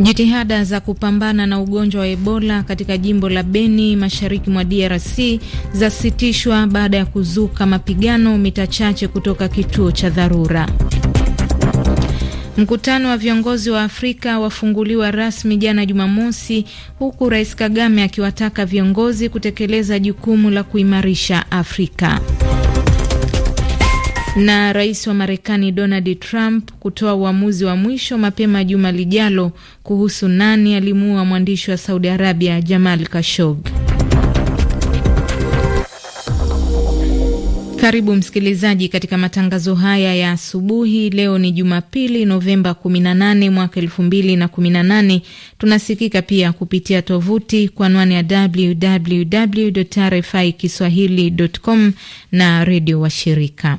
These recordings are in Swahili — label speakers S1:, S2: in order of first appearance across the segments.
S1: Jitihada za kupambana na ugonjwa wa Ebola katika jimbo la Beni mashariki mwa DRC zasitishwa baada ya kuzuka mapigano mita chache kutoka kituo cha dharura. Mkutano wa viongozi wa Afrika wafunguliwa rasmi jana Jumamosi, huku Rais Kagame akiwataka viongozi kutekeleza jukumu la kuimarisha Afrika. Na rais wa Marekani Donald Trump kutoa uamuzi wa mwisho mapema juma lijalo kuhusu nani alimuua mwandishi wa Saudi Arabia Jamal Khashoggi. Karibu msikilizaji katika matangazo haya ya asubuhi. Leo ni Jumapili, Novemba 18 mwaka 2018. Tunasikika pia kupitia tovuti kwa anwani ya www RFI kiswahili.com na redio washirika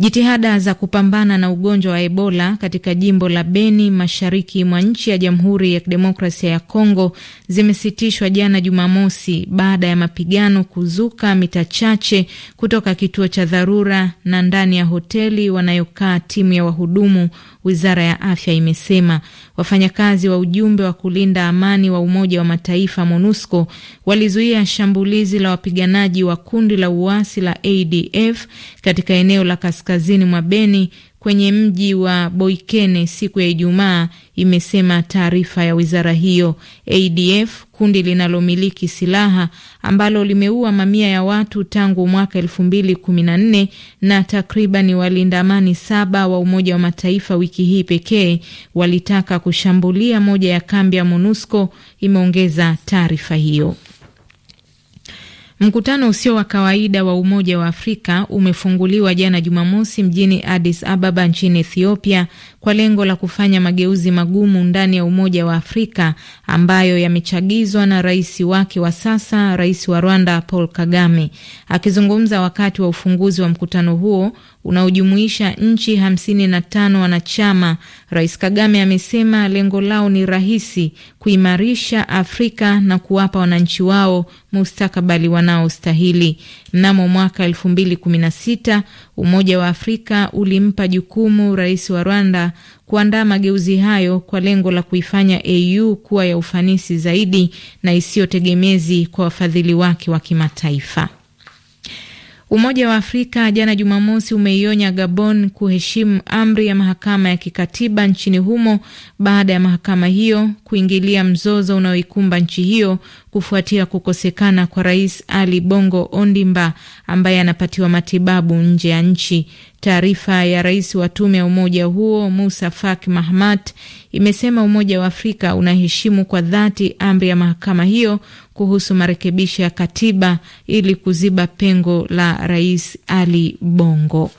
S1: Jitihada za kupambana na ugonjwa wa Ebola katika jimbo la Beni mashariki mwa nchi ya Jamhuri ya Kidemokrasia ya Kongo zimesitishwa jana Jumamosi baada ya mapigano kuzuka mita chache kutoka kituo cha dharura na ndani ya hoteli wanayokaa timu ya wahudumu, wizara ya afya imesema. Wafanyakazi wa ujumbe wa kulinda amani wa Umoja wa Mataifa MONUSCO walizuia shambulizi la wapiganaji wa kundi la uasi la ADF katika eneo la kaskazini kaskazini mwa Beni kwenye mji wa Boikene siku ya Ijumaa, imesema taarifa ya wizara hiyo. ADF, kundi linalomiliki silaha ambalo limeua mamia ya watu tangu mwaka elfu mbili kumi na nne na takriban walinda amani saba wa Umoja wa Mataifa wiki hii pekee walitaka kushambulia moja ya kambi ya MONUSCO, imeongeza taarifa hiyo. Mkutano usio wa kawaida wa Umoja wa Afrika umefunguliwa jana Jumamosi mjini Addis Ababa nchini Ethiopia kwa lengo la kufanya mageuzi magumu ndani ya Umoja wa Afrika ambayo yamechagizwa na rais wake wa sasa, rais wa Rwanda Paul Kagame. Akizungumza wakati wa ufunguzi wa mkutano huo unaojumuisha nchi hamsini na tano wanachama, Rais Kagame amesema lengo lao ni rahisi: kuimarisha Afrika na kuwapa wananchi wao mustakabali wanaostahili. Mnamo mwaka elfu mbili kumi na sita Umoja wa Afrika ulimpa jukumu rais wa Rwanda kuandaa mageuzi hayo kwa lengo la kuifanya AU kuwa ya ufanisi zaidi na isiyotegemezi kwa wafadhili wake wa kimataifa. Umoja wa Afrika jana Jumamosi umeionya Gabon kuheshimu amri ya mahakama ya kikatiba nchini humo baada ya mahakama hiyo kuingilia mzozo unaoikumba nchi hiyo kufuatia kukosekana kwa Rais Ali Bongo Ondimba ambaye anapatiwa matibabu nje ya nchi. Taarifa ya rais wa tume ya umoja huo Musa Faki Mahamat imesema Umoja wa Afrika unaheshimu kwa dhati amri ya mahakama hiyo kuhusu marekebisho ya katiba ili kuziba pengo la Rais Ali Bongo.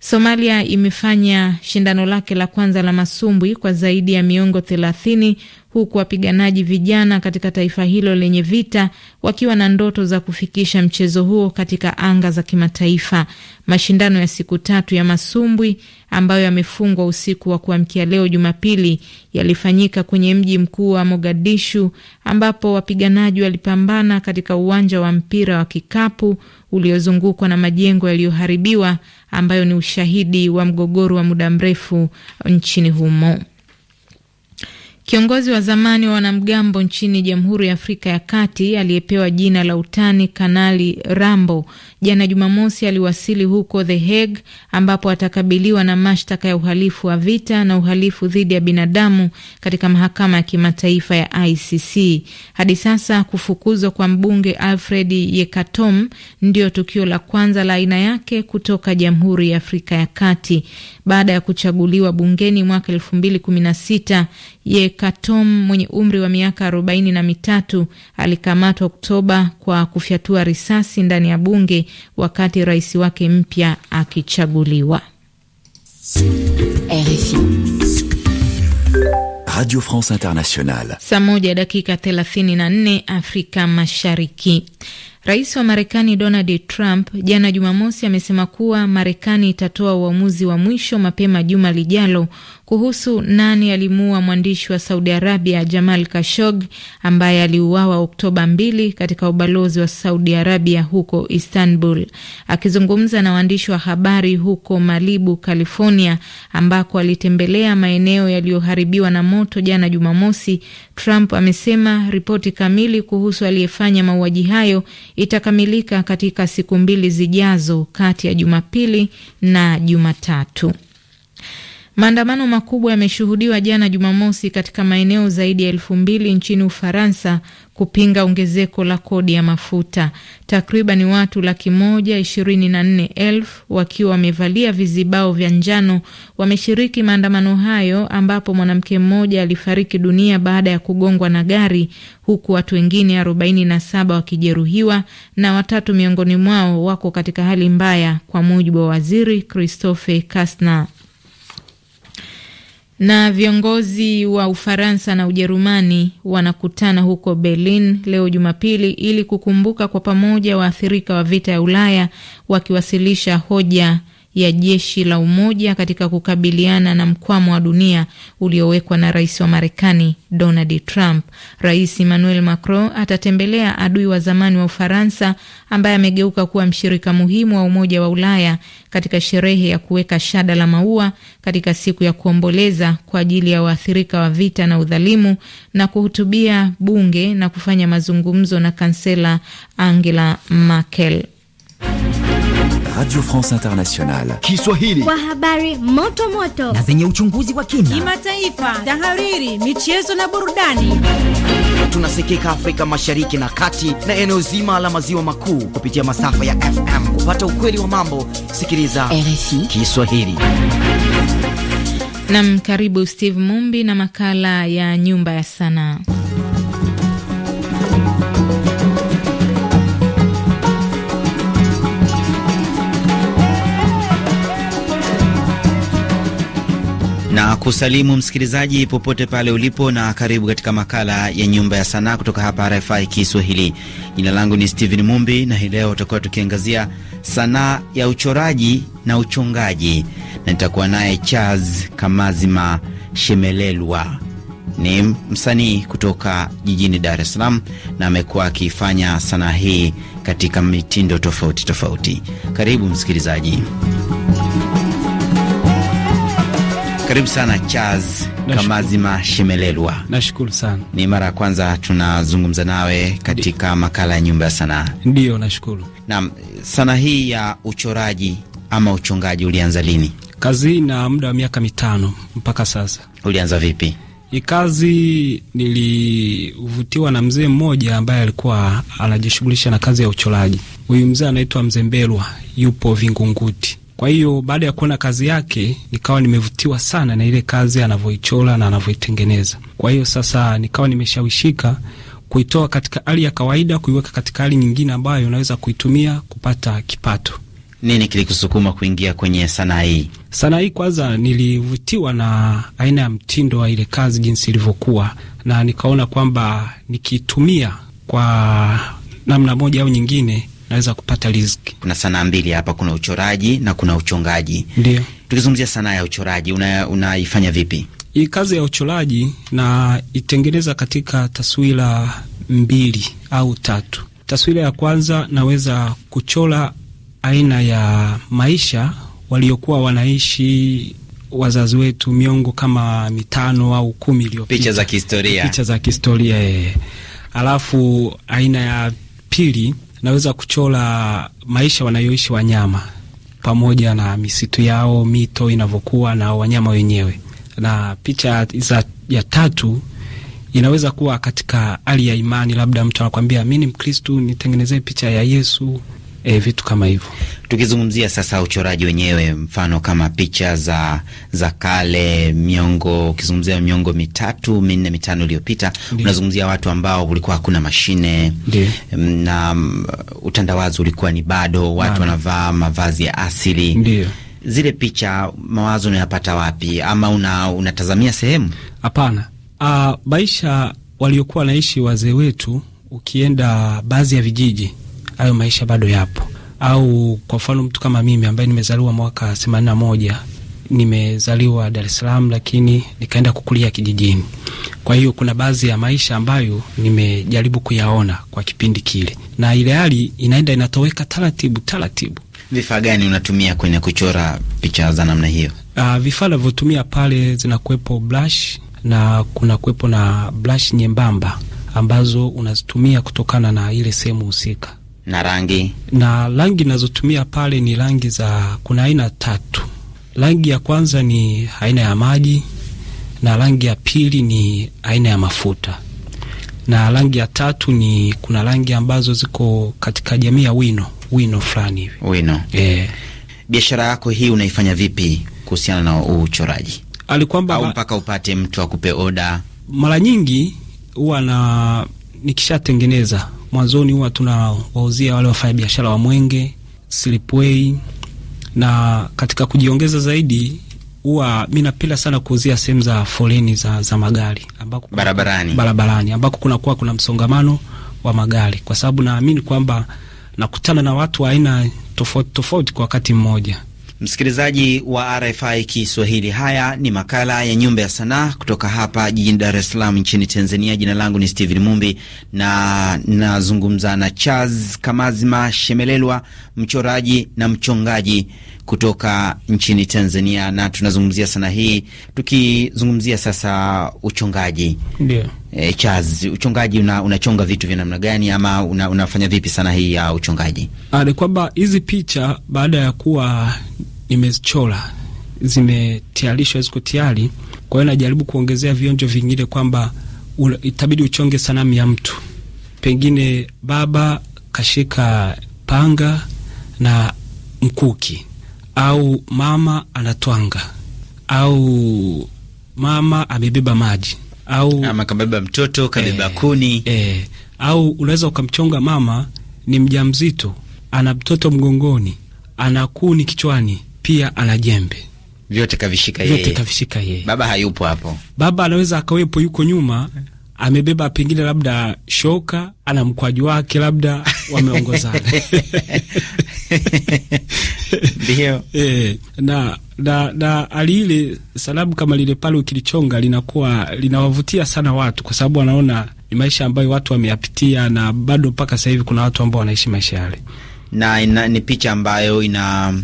S1: Somalia imefanya shindano lake la kwanza la masumbwi kwa zaidi ya miongo thelathini huku wapiganaji vijana katika taifa hilo lenye vita wakiwa na ndoto za kufikisha mchezo huo katika anga za kimataifa. Mashindano ya siku tatu ya masumbwi ambayo yamefungwa usiku wa kuamkia leo Jumapili yalifanyika kwenye mji mkuu wa Mogadishu, ambapo wapiganaji walipambana katika uwanja wa mpira wa kikapu uliozungukwa na majengo yaliyoharibiwa ambayo ni ushahidi wa mgogoro wa muda mrefu nchini humo. Kiongozi wa zamani wa wanamgambo nchini Jamhuri ya Afrika ya Kati aliyepewa jina la utani Kanali Rambo jana Jumamosi aliwasili huko The Hague ambapo atakabiliwa na mashtaka ya uhalifu wa vita na uhalifu dhidi ya binadamu katika mahakama ya kimataifa ya ICC. Hadi sasa kufukuzwa kwa mbunge Alfred Yekatom ndio tukio la kwanza la aina yake kutoka Jamhuri ya Afrika ya Kati baada ya kuchaguliwa bungeni mwaka elfu mbili kumi na sita. Katom mwenye umri wa miaka arobaini na mitatu alikamatwa Oktoba kwa kufyatua risasi ndani ya bunge wakati rais wake mpya akichaguliwa.
S2: RFI Radio France Internationale. Saa
S1: moja dakika 34 Afrika Mashariki. Rais wa Marekani Donald Trump jana Jumamosi amesema kuwa Marekani itatoa uamuzi wa mwisho mapema juma lijalo kuhusu nani alimuua mwandishi wa Saudi Arabia Jamal kashog ambaye aliuawa Oktoba mbili katika ubalozi wa Saudi Arabia huko Istanbul. Akizungumza na waandishi wa habari huko Malibu, California, ambako alitembelea maeneo yaliyoharibiwa na moto jana Jumamosi, Trump amesema ripoti kamili kuhusu aliyefanya mauaji hayo itakamilika katika siku mbili zijazo kati ya Jumapili na Jumatatu. Maandamano makubwa yameshuhudiwa jana Jumamosi katika maeneo zaidi ya elfu mbili nchini Ufaransa kupinga ongezeko la kodi ya mafuta. Takriban watu laki moja ishirini na nne elfu wakiwa wamevalia vizibao vya njano wameshiriki maandamano hayo, ambapo mwanamke mmoja alifariki dunia baada ya kugongwa na gari, huku watu wengine 47 wakijeruhiwa na watatu miongoni mwao wako katika hali mbaya, kwa mujibu wa waziri Christophe Castaner. Na viongozi wa Ufaransa na Ujerumani wanakutana huko Berlin leo Jumapili ili kukumbuka kwa pamoja waathirika wa vita ya Ulaya wakiwasilisha hoja ya jeshi la umoja katika kukabiliana na mkwamo wa dunia uliowekwa na rais wa Marekani Donald Trump. Rais Emmanuel Macron atatembelea adui wa zamani wa Ufaransa ambaye amegeuka kuwa mshirika muhimu wa Umoja wa Ulaya katika sherehe ya kuweka shada la maua katika siku ya kuomboleza kwa ajili ya waathirika wa vita na udhalimu na kuhutubia bunge na kufanya mazungumzo na kansela Angela Merkel.
S3: Radio France Internationale Kiswahili
S2: kwa
S1: habari moto moto
S2: na zenye uchunguzi wa kina,
S1: kimataifa, tahariri, michezo na burudani.
S2: Tunasikika Afrika Mashariki na Kati na eneo zima la maziwa makuu kupitia masafa ya FM. Kupata ukweli wa mambo, sikiliza RFI Kiswahili.
S1: Nam, karibu Steve Mumbi na makala ya nyumba ya sanaa.
S2: na kusalimu msikilizaji popote pale ulipo, na karibu katika makala ya Nyumba ya Sanaa kutoka hapa RFI Kiswahili. Jina langu ni stephen Mumbi na hii leo tutakuwa tukiangazia sanaa ya uchoraji na uchongaji, na nitakuwa naye Charles Kamazima Shemelelwa ni msanii kutoka jijini Dar es Salaam na amekuwa akifanya sanaa hii katika mitindo tofauti tofauti. Karibu msikilizaji. Karibu sana Charles Kamazima Shemelelwa.
S3: Nashukuru sana,
S2: ni mara ya kwanza tunazungumza nawe katika Ndi. makala ya nyumba ya sanaa.
S3: ndio nashukuru. Naam, sanaa hii ya uchoraji ama uchongaji ulianza lini? Kazi hii na muda wa miaka mitano mpaka sasa.
S2: Ulianza vipi
S3: hii kazi? Nilivutiwa na mzee mmoja ambaye alikuwa anajishughulisha na kazi ya uchoraji. Huyu mzee anaitwa Mzee Mbelwa, yupo Vingunguti. Kwa hiyo baada ya kuona kazi yake nikawa nimevutiwa sana na ile kazi anavyoichora na anavyoitengeneza. Kwa hiyo sasa nikawa nimeshawishika kuitoa katika hali ya kawaida kuiweka katika hali nyingine ambayo unaweza kuitumia kupata kipato.
S2: Nini kilikusukuma kuingia kwenye sanaa hii?
S3: Sanaa hii kwanza, nilivutiwa na aina ya mtindo wa ile kazi jinsi ilivyokuwa, na nikaona kwamba nikiitumia kwa namna moja au nyingine naweza kupata riziki.
S2: Kuna sanaa mbili hapa, kuna uchoraji na kuna uchongaji. Ndio tukizungumzia sanaa ya uchoraji, unaifanya una vipi
S3: hii kazi ya uchoraji? Na itengeneza katika taswira mbili au tatu. Taswira ya kwanza naweza kuchora aina ya maisha waliokuwa wanaishi wazazi wetu miongo kama mitano au kumi iliyopita, picha za
S2: kihistoria, picha
S3: za kihistoria. Eh. Alafu aina ya pili naweza kuchora maisha wanayoishi wanyama pamoja na misitu yao, mito inavyokuwa na wanyama wenyewe. Na picha ya tatu inaweza kuwa katika hali ya imani, labda mtu anakwambia mi ni Mkristu, nitengenezee picha ya Yesu e, vitu kama hivyo.
S2: Tukizungumzia sasa uchoraji wenyewe, mfano kama picha za za kale, miongo, ukizungumzia miongo mitatu minne mitano iliyopita, unazungumzia watu ambao ulikuwa hakuna mashine Ndiyo. Mm, na um, utandawazi ulikuwa ni bado, watu wanavaa mavazi ya asili Ndiyo. Zile picha mawazo unayapata wapi, ama una, unatazamia sehemu?
S3: Hapana, ah, maisha waliokuwa wanaishi wazee wetu, ukienda baadhi ya vijiji hayo maisha bado yapo. Au kwa mfano mtu kama mimi ambaye nimezaliwa mwaka themanini na moja nimezaliwa Dar es Salaam lakini nikaenda kukulia kijijini. Kwa hiyo kuna baadhi ya maisha ambayo nimejaribu kuyaona kwa kipindi kile, na ile hali inaenda inatoweka taratibu taratibu.
S2: Vifaa gani unatumia kwenye kuchora picha za namna hiyo?
S3: Uh, vifaa navyotumia pale zinakuwepo brush na kuna kuwepo na brush nyembamba ambazo unazitumia kutokana na ile sehemu husika
S2: na rangi
S3: na rangi nazotumia pale ni rangi za, kuna aina tatu. Rangi ya kwanza ni aina ya maji, na rangi ya pili ni aina ya mafuta, na rangi ya tatu ni kuna rangi ambazo ziko katika jamii ya wino wino fulani hivi
S2: wino. E, biashara yako hii unaifanya vipi kuhusiana na uchoraji? Alikwamba au mpaka upate mtu akupe oda?
S3: Mara nyingi huwa na nikishatengeneza mwanzoni huwa tunawauzia wale biashara wa Mwenge, Slipway, na katika kujiongeza zaidi huwa mi napenda sana kuuzia sehemu za foleni za, za magari ambako
S2: barabarani, barabarani
S3: ambako kunakuwa kuna msongamano wa magari, kwa sababu naamini kwamba nakutana na watu wa aina tofauti tofauti kwa wakati mmoja.
S2: Msikilizaji wa RFI Kiswahili, haya ni makala ya Nyumba ya Sanaa kutoka hapa jijini Dar es Salaam nchini Tanzania. Jina langu ni Steven Mumbi na nazungumza na Charles Kamazima Shemelelwa, mchoraji na mchongaji kutoka nchini Tanzania, na tunazungumzia sanaa hii tukizungumzia sasa uchongaji. Ndio eh, Charles, uchungaji una, unachonga vitu vya namna gani ama una, unafanya vipi sana hii ya uchungaji?
S3: Ah, ni kwamba hizi picha baada ya kuwa nimezichora zimetayarishwa, ziko tayari, kwa hiyo najaribu kuongezea vionjo vingine kwamba itabidi uchonge sanamu ya mtu, pengine baba kashika panga na mkuki, au mama anatwanga, au mama amebeba maji au ama kabeba mtoto kabeba e, kuni e, au unaweza ukamchonga mama, ni mjamzito, ana mtoto mgongoni, ana kuni kichwani, pia ana jembe, vyote kavishika
S2: yeye, vyote kavishika yeye. Baba hayupo hapo,
S3: baba anaweza akawepo, yuko nyuma amebeba pengine labda shoka ana mkwaju wake labda wameongozana. Ndio. eh, na, na, na alile salamu kama lile pale ukilichonga linakuwa linawavutia sana watu kwa sababu wanaona ni maisha ambayo watu wameyapitia na bado mpaka sasa hivi kuna watu ambao wanaishi maisha yale, na
S2: ina, ni picha ambayo ina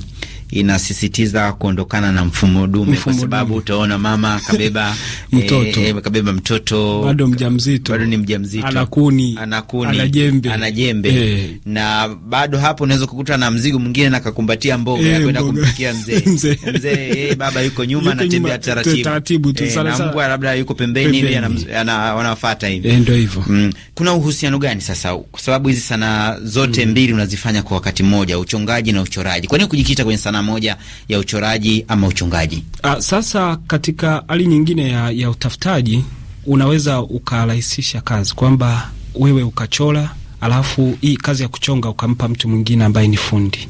S2: inasisitiza kuondokana na mfumo dume, kwa sababu utaona mama kabeba mtoto, e, kabeba mtoto bado
S3: mjamzito, bado
S2: ni mjamzito, anakuni anakuni, anajembe anajembe, e. Eh. na bado hapo unaweza kukuta na mzigo mwingine na kakumbatia mboga e, kwenda kumpikia mzee mzee, e, baba yuko nyuma anatembea taratibu taratibu tu sana sana, mbwa labda yuko pembeni hivi anawafuata hivi, e, ndio hivyo. mm. Kuna uhusiano gani sasa, kwa sababu hizi sanaa zote mm. mbili unazifanya kwa wakati mmoja, uchongaji na uchoraji? Kwa nini kujikita kwenye sanaa sanaa moja ya uchoraji ama uchungaji.
S3: A, ah, sasa katika hali nyingine ya, ya utafutaji unaweza ukarahisisha kazi kwamba wewe ukachora alafu hii kazi ya kuchonga ukampa mtu mwingine ambaye ni fundi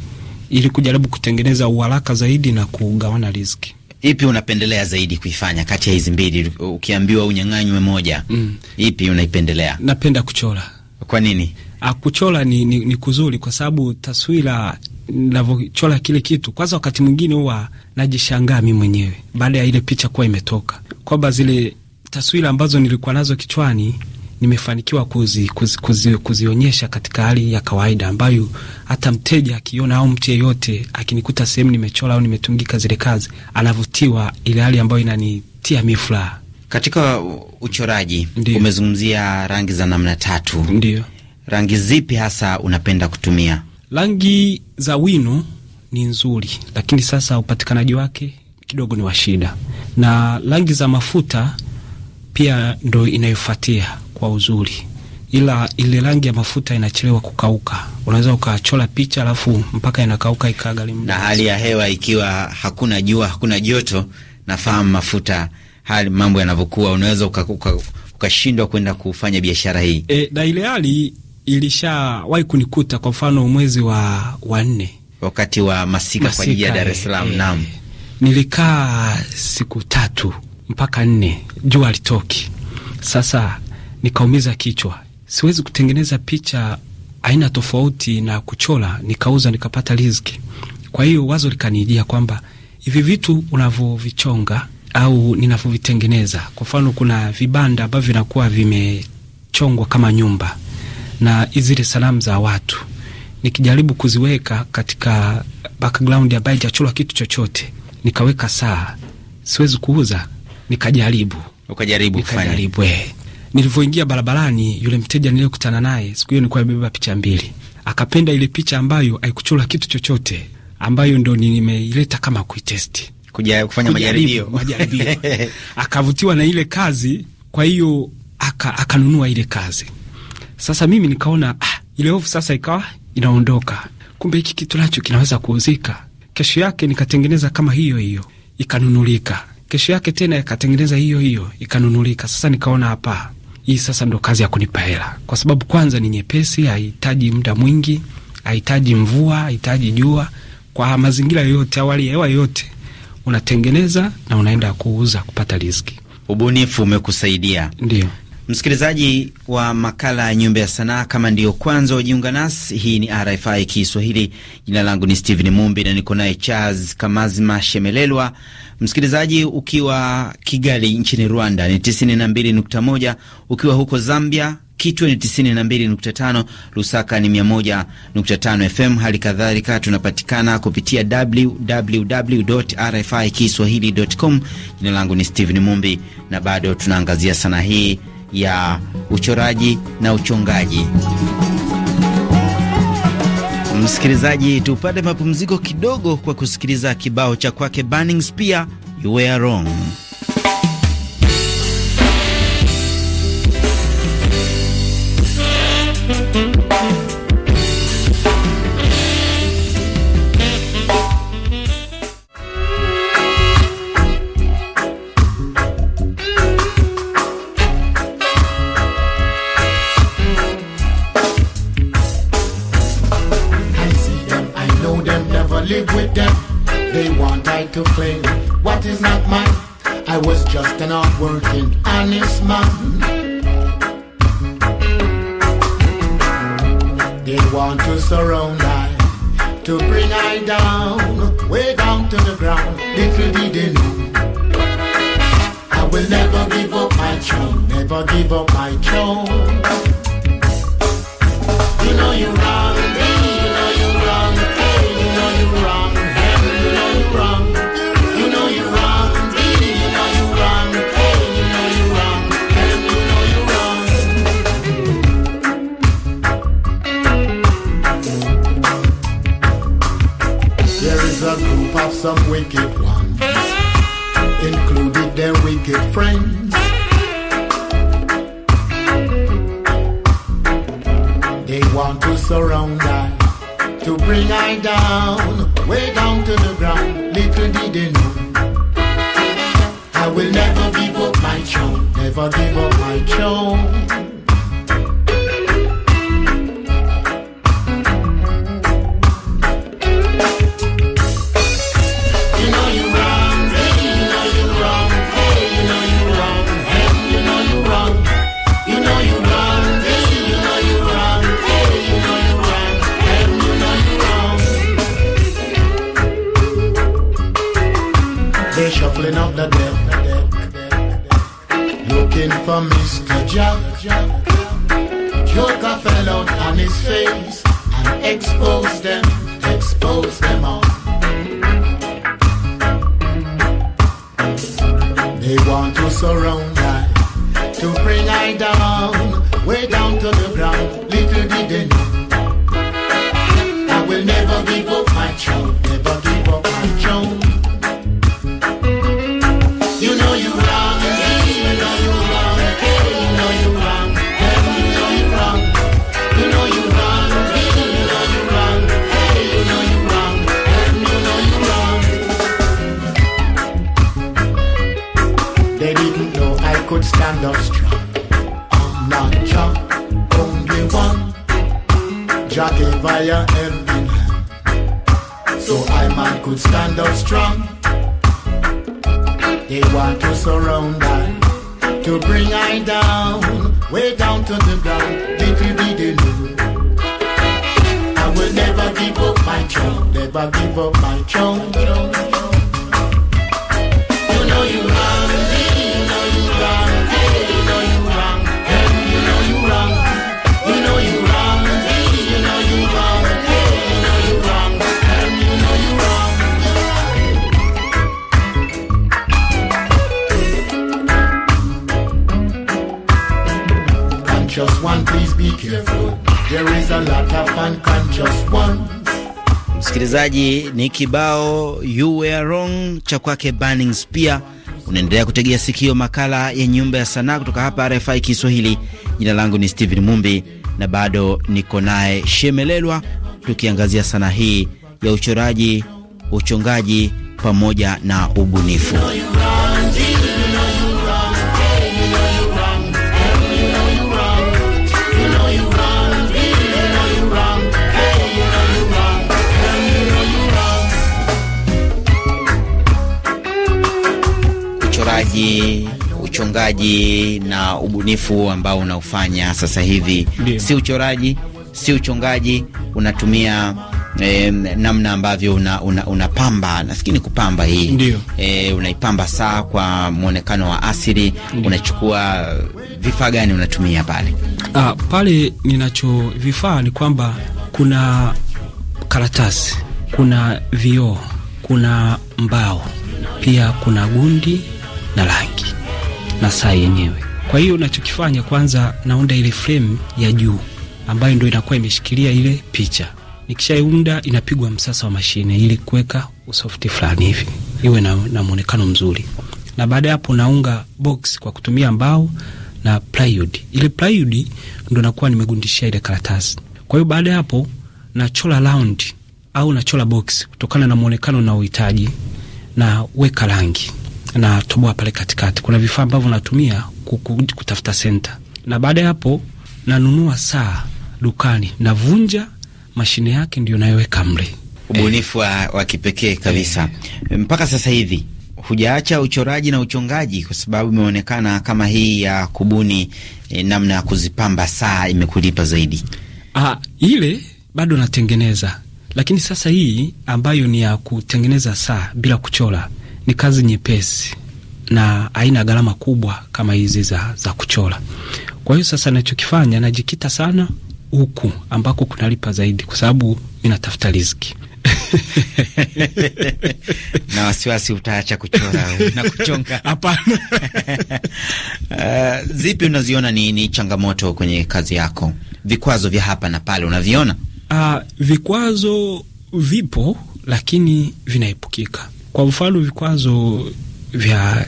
S3: ili kujaribu kutengeneza uharaka zaidi na kugawana riziki. Ipi
S2: unapendelea zaidi kuifanya kati ya hizi mbili, ukiambiwa unyang'anywe moja, mm. ipi unaipendelea?
S3: Napenda kuchora. Kwa nini? Ah, kuchora ni, ni, ni kuzuri kwa sababu taswira nilivyochora kile kitu, kwanza wakati mwingine huwa najishangaa mi mwenyewe baada ya ile picha kuwa imetoka, kwamba zile taswira ambazo nilikuwa nazo kichwani nimefanikiwa kuzi, kuzi, kuzi, kuzionyesha katika hali ya kawaida ambayo hata mteja akiona au mtu yeyote akinikuta sehemu nimechora au nimetungika zile kazi anavutiwa, ile hali ambayo inanitia mi furaha.
S2: Katika uchoraji Ndiyo. umezungumzia rangi za namna tatu. ndio, rangi zipi hasa unapenda kutumia?
S3: Rangi za wino ni nzuri, lakini sasa upatikanaji wake kidogo ni wa shida, na rangi za mafuta pia ndo inayofuatia kwa uzuri, ila ile rangi ya mafuta inachelewa kukauka. Unaweza ukachola picha alafu mpaka inakauka ikagharimu. Na hali
S2: ya hewa ikiwa hakuna jua, hakuna joto, nafahamu mafuta, hali mambo yanavyokuwa, unaweza ukashindwa uka, uka kwenda kufanya biashara hii
S3: e, na ile hali ilishawahi kunikuta, kwa mfano mwezi wa, wanne
S2: wakati wa masika, masika kwa ajili ya Dar es Salaam. Eh, naam,
S3: nilikaa siku tatu mpaka nne, jua alitoki. Sasa nikaumiza kichwa, siwezi kutengeneza picha aina tofauti na kuchora, nikauza nikapata riziki. Kwa hiyo wazo likanijia kwamba hivi vitu unavyovichonga au ninavyovitengeneza, kwa mfano kuna vibanda ambavyo vinakuwa vimechongwa kama nyumba na zile salamu za watu nikijaribu kuziweka katika background ya ambayo chula kitu chochote, nikaweka saa, siwezi kuuza, nikajaribu
S2: ukajaribu nikajaribu eh.
S3: Nilivyoingia barabarani, yule mteja niliyekutana naye siku hiyo nilikuwa nimebeba picha mbili, akapenda ile picha ambayo haikuchula kitu chochote, ambayo ndo nimeileta kama kuitest,
S2: kuja kufanya majaribio majaribio
S3: akavutiwa na ile kazi, kwa hiyo aka akanunua ile kazi sasa mimi nikaona ah, ile hofu sasa ikawa inaondoka, kumbe hiki kitu nacho kinaweza kuuzika. Kesho yake nikatengeneza kama hiyo hiyo ikanunulika, kesho yake tena ikatengeneza hiyo hiyo ikanunulika. Sasa nikaona hapa, hii sasa ndo kazi ya kunipa hela, kwa sababu kwanza ni nyepesi, haihitaji muda mwingi, haihitaji mvua, haihitaji jua, kwa mazingira yoyote au hali ya hewa yoyote unatengeneza na unaenda kuuza kupata riziki.
S2: Ubunifu umekusaidia ndio.
S3: Msikilizaji
S2: wa makala ya Nyumba ya Sanaa, kama ndiyo kwanza wajiunga nasi, hii ni RFI Kiswahili. Jina langu ni Steven Mumbi na niko naye Charles Kamazima Shemelelwa. Msikilizaji ukiwa Kigali nchini Rwanda ni 92.1, ukiwa huko Zambia Kitwe ni 92.5, Lusaka ni 101.5 FM. Hali kadhalika tunapatikana kupitia www RFI Kiswahili.com. Jina langu ni Steven Mumbi na bado tunaangazia sanaa hii ya uchoraji na uchongaji. Msikilizaji, tupate mapumziko kidogo kwa kusikiliza kibao cha kwake Burning Spear, You Were Wrong.
S4: wicked shuffling up the deck. Looking for Mr. Jack. Joker fell out on his face and exposed them, exposed them all. They want to surround I, to bring I down, way down to the ground. Little did they know. I will never give up my child, never give up my child. industry. I'm not Jack, only one. Jack via every man. So I man could stand up strong. They want to surround I, to bring I down, way down to the ground. Did you be the I will never give up my throne, never give up my throne.
S2: Msikilizaji, ni kibao you were wrong cha kwake Burning Spear. Unaendelea kutegea sikio makala ya nyumba ya sanaa kutoka hapa RFI Kiswahili. Jina langu ni Steven Mumbi na bado niko naye Shemelelwa, tukiangazia sanaa hii ya uchoraji, uchongaji pamoja na ubunifu. uimbaji, uchongaji na ubunifu ambao unaofanya sasa hivi Dio. si uchoraji, si uchongaji, unatumia E, namna ambavyo unapamba una, una nafikiri kupamba hii e, unaipamba saa kwa mwonekano wa asili. Unachukua vifaa gani unatumia pale?
S3: Ah, pale ninacho vifaa ni kwamba kuna karatasi, kuna vioo, kuna mbao, pia kuna gundi na rangi na saa yenyewe. Kwa hiyo nachokifanya kwanza, naunda ile frame ya juu ambayo ndo inakuwa imeshikilia ile picha. Nikishaiunda inapigwa msasa wa mashine ili kuweka usofti fulani hivi iwe na, na mwonekano mzuri, na baada ya hapo naunga box kwa kutumia mbao na plywood. Ile plywood ndo nakuwa nimegundishia ile karatasi. Kwa hiyo baada ya hapo nachola round au nachola box kutokana na mwonekano unaohitaji na weka rangi natoboa pale katikati. Kuna vifaa ambavyo natumia kutafuta senta, na baada ya hapo nanunua saa dukani, navunja mashine yake, ndio nayoweka mle.
S2: Ubunifu wa, wa kipekee kabisa. E, mpaka sasa hivi hujaacha uchoraji na uchongaji, kwa sababu imeonekana kama hii ya kubuni e, namna ya kuzipamba saa imekulipa zaidi.
S3: Aha, ile bado natengeneza, lakini sasa hii ambayo ni ya kutengeneza saa bila kuchora ni kazi nyepesi na haina gharama kubwa kama hizi za, za kuchora. Kwa hiyo sasa nachokifanya najikita sana huku ambako kunalipa zaidi, kwa sababu inatafuta riziki
S2: na wasiwasi utaacha kuchora na kuchonga? Hapana. Uh, zipi unaziona ni, ni changamoto kwenye kazi yako, vikwazo vya hapa na pale unaviona?
S3: Uh, vikwazo vipo lakini vinaepukika. Kwa mfano, vikwazo vya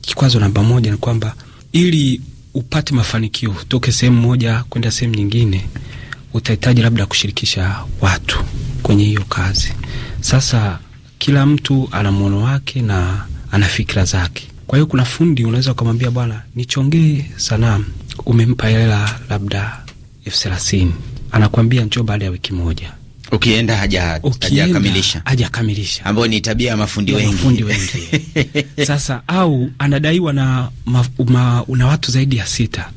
S3: kikwazo namba moja ni kwamba ili upate mafanikio toke sehemu moja kwenda sehemu nyingine, utahitaji labda kushirikisha watu kwenye hiyo kazi. Sasa kila mtu ana mwono wake na ana fikira zake. Kwa hiyo kuna fundi unaweza ukamwambia, bwana, nichongee sanamu. Umempa hela labda elfu thelathini, anakwambia njoo baada ya wiki moja ukienda haja hajakamilisha hajakamilisha,
S2: ambayo ni tabia ya mafundi wengi, mafundi wengi.
S3: Sasa au anadaiwa na ma, ma, una watu zaidi ya sita.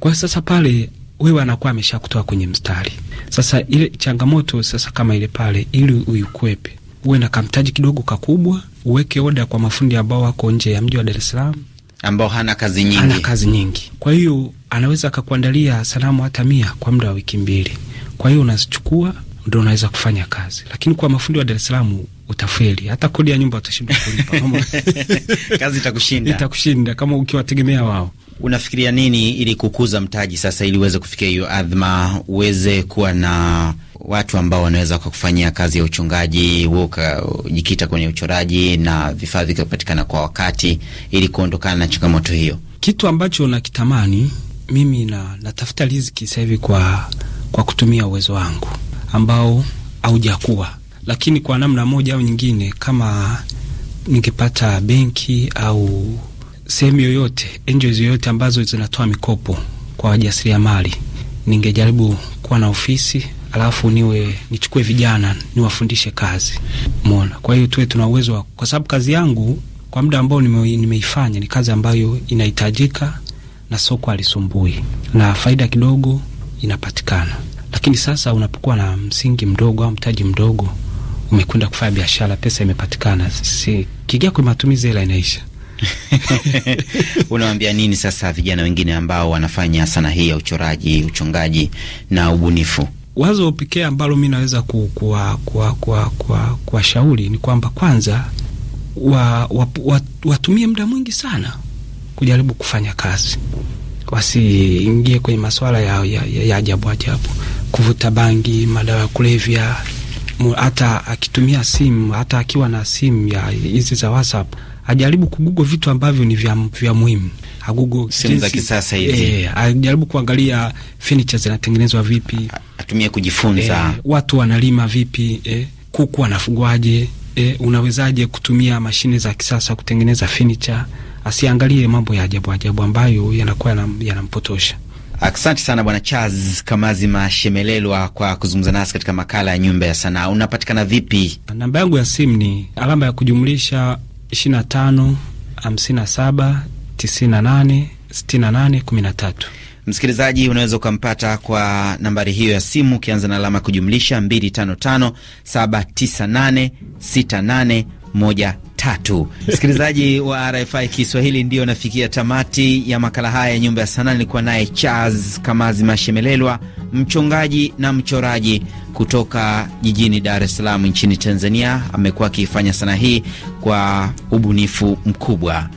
S3: Kwa sasa pale wewe anakuwa ameshakutoa kwenye mstari. Sasa ile changamoto sasa kama ile pale, ili uikwepe, uwe na kamtaji kidogo kakubwa, uweke oda kwa mafundi ambao wako nje ya mji wa Dar es Salaam
S2: ambao hana kazi nyingi, hana kazi nyingi.
S3: Kwa hiyo anaweza akakuandalia salamu hata mia kwa muda wa wiki mbili. Kwa hiyo unazichukua ndio unaweza kufanya kazi, lakini kwa mafundi wa Dar es Salaam utafeli, hata kodi ya nyumba utashindwa kulipa kama
S2: kazi
S3: itakushinda, itakushinda kama ukiwategemea wao.
S2: Unafikiria nini ili kukuza mtaji sasa, ili uweze kufikia hiyo adhma, uweze kuwa na watu ambao wanaweza kufanyia kazi ya uchungaji, wewe ukajikita kwenye uchoraji na vifaa vikapatikana kwa wakati, ili kuondokana na changamoto hiyo?
S3: Kitu ambacho nakitamani mimi na natafuta riziki sasa hivi kwa, kwa kutumia uwezo wangu ambao haujakuwa, lakini kwa namna moja au nyingine, kama ningepata benki au sehemu yoyote, NGOs yoyote ambazo zinatoa mikopo kwa wajasiriamali, ningejaribu kuwa na ofisi alafu niwe nichukue vijana niwafundishe kazi mona. Kwa hiyo tuwe tuna uwezo, wa, kwa sababu kazi yangu kwa muda ambao nime, nimeifanya ni kazi ambayo inahitajika na soko alisumbui na faida kidogo inapatikana. Lakini sasa unapokuwa na msingi mdogo au mtaji mdogo, umekwenda kufanya biashara, pesa imepatikana, si kigia kwa matumizi, hela inaisha.
S2: Unawambia nini sasa vijana wengine ambao wanafanya sanaa hii ya uchoraji, uchongaji na ubunifu?
S3: Wazo pekee ambalo mi naweza kuwashauri ni kwamba kwanza wa, wa, wa, watumie muda mwingi sana kujaribu kufanya kazi, wasiingie kwenye masuala ya ajabu ya, ya ajabu kuvuta bangi, madawa ya kulevya, hata akitumia simu, hata akiwa na simu ya hizi za WhatsApp ajaribu kugugo vitu ambavyo ni vya, vya muhimu agugo simu za kisasa hizi e, ajaribu kuangalia furniture zinatengenezwa vipi,
S2: atumie kujifunza e,
S3: watu wanalima vipi e, kuku wanafugwaje e, unawezaje kutumia mashine za kisasa kutengeneza furniture. Asiangalie mambo ya ajabu ajabu ambayo yanakuwa yanampotosha. Asante sana Bwana
S2: Charles Kamazi Mashemelelwa kwa kuzungumza nasi katika makala ya Nyumba ya Sanaa. Unapatikana vipi?
S3: Namba yangu ya simu ni alama ya kujumlisha 25
S2: Msikilizaji, unaweza ukampata kwa nambari hiyo ya simu ukianza na alama ya kujumlisha 255 798 68 1 tatu. Msikilizaji wa RFI Kiswahili, ndiyo nafikia tamati ya makala haya ya Nyumba ya Sanaa. Nilikuwa naye Charles Kamazi Mashemelelwa, mchongaji na mchoraji kutoka jijini Dar es Salaam nchini Tanzania. Amekuwa akiifanya sanaa hii kwa ubunifu mkubwa,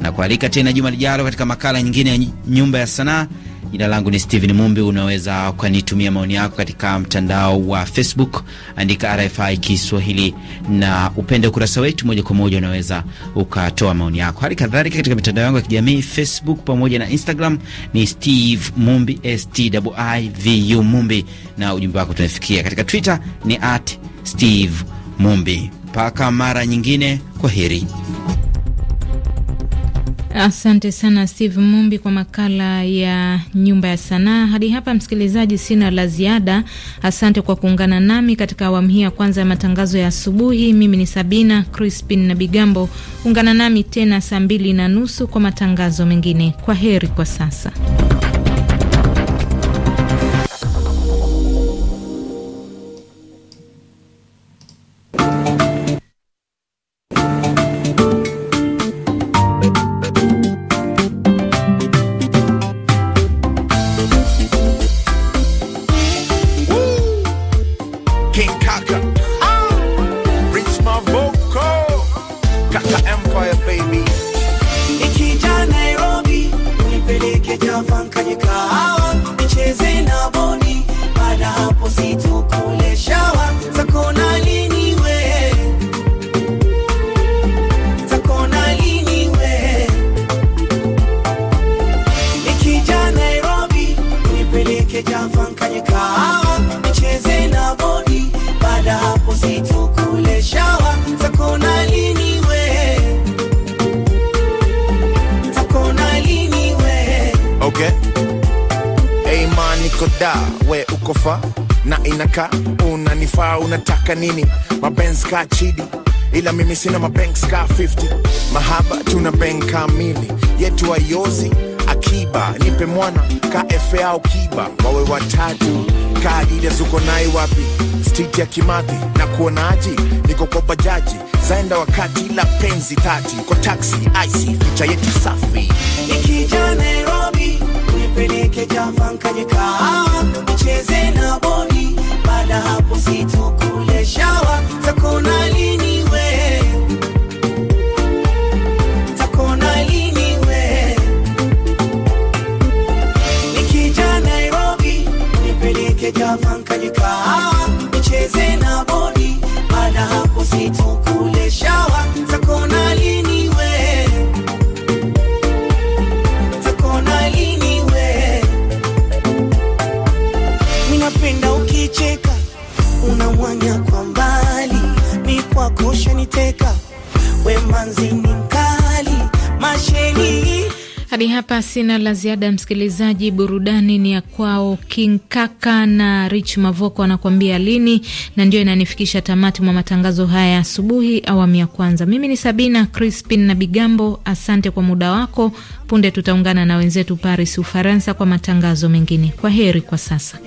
S2: na kualika tena juma lijalo katika makala nyingine ya Nyumba ya Sanaa. Jina langu ni Steven Mumbi. Unaweza ukanitumia maoni yako katika mtandao wa Facebook, andika RFI Kiswahili na upende ukurasa wetu moja kwa moja, unaweza ukatoa maoni yako. Hali kadhalika katika mitandao yangu ya kijamii Facebook pamoja na Instagram ni Steve Mumbi, Stivu Mumbi, na ujumbe wako tunafikia. Katika Twitter ni at Steve Mumbi. Mpaka mara nyingine, kwa heri.
S1: Asante sana Steve Mumbi kwa makala ya nyumba ya sanaa. Hadi hapa msikilizaji, sina la ziada. Asante kwa kuungana nami katika awamu hii ya kwanza ya matangazo ya asubuhi. Mimi ni Sabina Crispin na Bigambo. Ungana nami tena saa mbili na nusu kwa matangazo mengine. Kwa heri kwa sasa.
S2: nipate
S4: we takona na inaka unanifaa unataka nini mabenz ka chidi ila mimi sina mabenks ka 50 mahaba tuna benk kamili yetu ayozi kiba nipe mwana ka efe au kiba, wawe watatu kaadidas uko nai wapi stiti ya Kimathi na kuonaji, niko kwa bajaji zaenda wakati la penzi tati kwa taksi ic picha yetu safi nikija Nairobi nipeleke Java nkanyekahawa
S2: nicheze na boni baada hapo situkule shawa zakona
S1: la ziada msikilizaji, burudani ni ya kwao King Kaka na Rich Mavoko anakuambia lini, na ndio inanifikisha tamati mwa matangazo haya asubuhi awamu ya kwanza. Mimi ni Sabina Crispin na Bigambo, asante kwa muda wako. Punde tutaungana na wenzetu Paris, Ufaransa, kwa matangazo mengine. Kwa heri kwa sasa.